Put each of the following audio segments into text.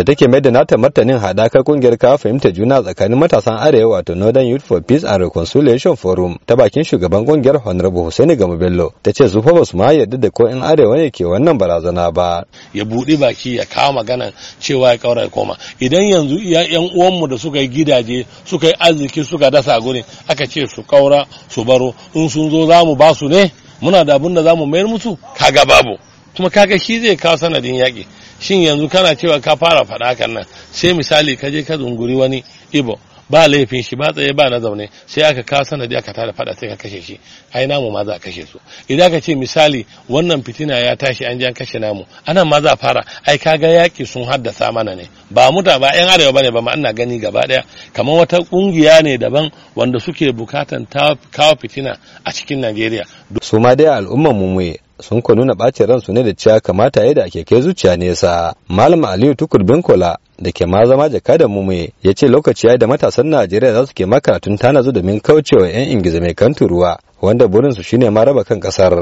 da take mai da nata martanin haɗakar kungiyar ka fahimta juna tsakanin matasan arewa wato northern youth for peace and reconciliation forum ta bakin shugaban kungiyar honorable Hussaini Gama Bello ta ce su ba su ma yarda da ko in arewa ne ke wannan barazana ba ya buɗe baki ya kawo magana cewa ya kaura ya koma idan yanzu yan uwanmu da suka yi gidaje suka yi arziki suka dasa gurin aka ce su kaura su baro in sun zo za mu ba su ne muna da abin da za mu mayar musu kaga babu kuma kaga shi zai kawo sanadin yaƙi shin yanzu kana cewa ka fara faɗa hakan nan sai misali ka je ka zunguri wani ibo ba laifin shi ba tsaye ba na zaune sai aka kawo sanadi aka tada fada sai ka kashe shi ai namu ma za a kashe su idan ka ce misali wannan fitina ya tashi an je an kashe namu anan ma za a fara ai ga yaki sun haddasa mana ne ba muta ba yan arewa bane ba ma ana gani gaba daya kamar wata kungiya ne daban wanda suke bukatan kawo fitina a cikin Najeriya su ma dai al'umman mu sun ko nuna ɓacin ransu ne da cewa kamata yadda ake kai zuciya nesa malam aliyu tukur kola. da ke ma zama jaka mu mai ya ce lokaci ya da matasan najeriya za su ke makaratun zu domin kaucewa 'yan ingiza mai kantu ruwa wanda burinsu shine ma raba kan kasar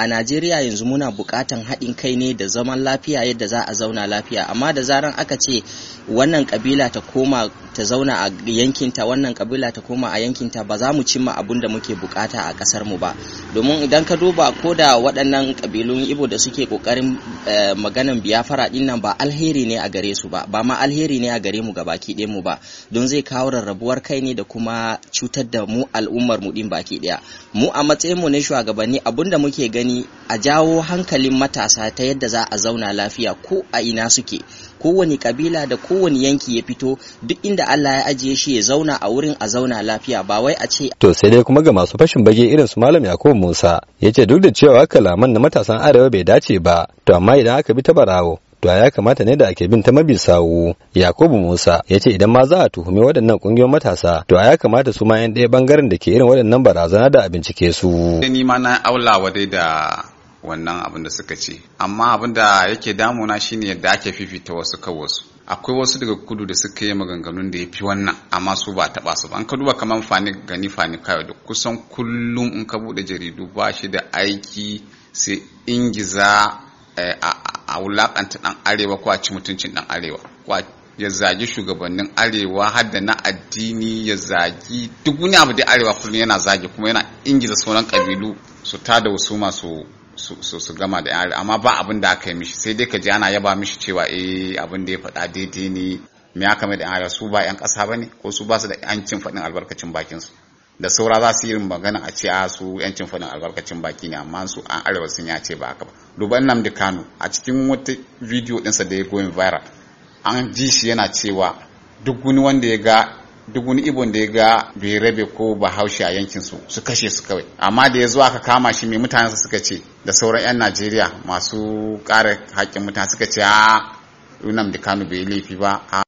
a najeriya yanzu muna bukatan haɗin kai ne da zaman lafiya yadda za a zauna lafiya amma da zaran aka ce wannan kabila ta koma ta zauna a yankinta wannan kabila ta koma a yankinta ba za mu cimma abun da muke bukata a kasar mu ba domin idan ka duba ko da waɗannan kabilun ibo da suke kokarin eh, maganan biyafara ɗin nan ba alheri ne a gare su ba ba kuma alheri ne a gare mu ga baki ɗayan mu ba don zai kawo rarrabuwar kai ne da kuma cutar da mu al'ummar mu din baki ɗaya mu a matsayin mu ne shugabanni abinda muke gani a jawo hankalin matasa ta yadda za a zauna lafiya ko a ina suke kowane kabila da kowane yanki ya fito duk inda Allah ya ajiye shi ya zauna a wurin a zauna lafiya ba wai a ce to sai dai kuma ga masu fashin bage irin su malam Yakubu Musa yace duk da cewa kalaman na matasan arewa bai dace ba to amma idan aka bi ta barawo to ya kamata ne da ake bin ta mabi sawu yakubu musa ya ce idan ma za a tuhumi waɗannan ƙungiyoyin matasa to ya kamata su ma yan ɗaya bangaren da ke irin waɗannan barazana da a bincike su. ni ma na aulawa dai da wannan abin da suka ce amma abin da yake damuna shine yadda ake fifita wasu kan wasu akwai wasu daga kudu da suka yi maganganun da ya fi wannan amma su ba taɓa su ba an ka duba kamar fani gani fani kawai da kusan kullum in ka buɗe jaridu ba shi da aiki sai ingiza eh, a a wulakanta dan arewa ko a ci mutuncin dan arewa ko ya zagi shugabannin arewa har da na addini ya zagi duk wani abu da arewa kullum yana zagi kuma yana ingiza sauran kabilu su da wasu masu su su gama da yare amma ba abin da aka yi mishi sai dai ka ji ana yaba mishi cewa eh abin da ya faɗa daidai ne me aka mai da yare su ba yan ƙasa bane ko su ba su da yancin faɗin albarkacin bakin su da saura za su yi magana a ce a su yancin faɗin albarkacin baki ne amma su an arewa sun ya ce ba haka ba duba Namdi Kano a cikin wata bidiyo ɗinsa da ya goyin viral an ji shi yana cewa duk wani wanda ya ga duk wani ibon da ya ga bai rabe ko bahaushe a yankin su su kashe su kawai amma da ya zo aka kama shi mai mutanen suka ce da sauran 'yan najeriya masu kare haƙƙin mutane suka ce a Nnamdi Kano bai laifi ba a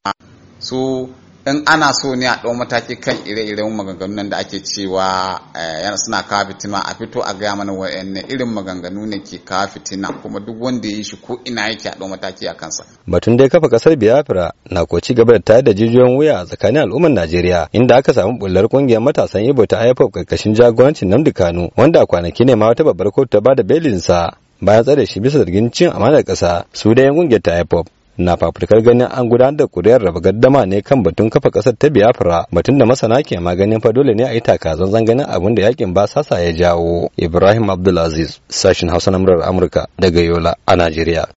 so in ana so ne a ɗau mataki kan ire-iren maganganu nan da ake cewa eh, yana suna kawo fitina a fito a gaya mana wayanne irin maganganu ne ke kawo fitina kuma duk wanda ya yi shi ko ina yake a ɗau mataki a kansa. batun da ya kafa kasar biafra na ko ci gaba da tayar da jijiyoyin wuya a tsakanin al'ummar najeriya inda aka samu bullar ƙungiyar matasan ibo ta haifar karkashin jagorancin namdi kanu wanda a kwanaki ne ma wata babbar kotu ta bada belinsa bayan tsare shi bisa zargin cin amanar ƙasa su da yan kungiyar ta IPOP na fafutukar ganin an gudanar da kuriyar raba gaddama ne kan batun kafa kasar ta Biafra batun da masana ke maganin fa dole ne a yi takazan ganin abin da yakin ba sasa ya jawo Ibrahim Abdulaziz sashin Hausa na murar Amurka daga Yola a Najeriya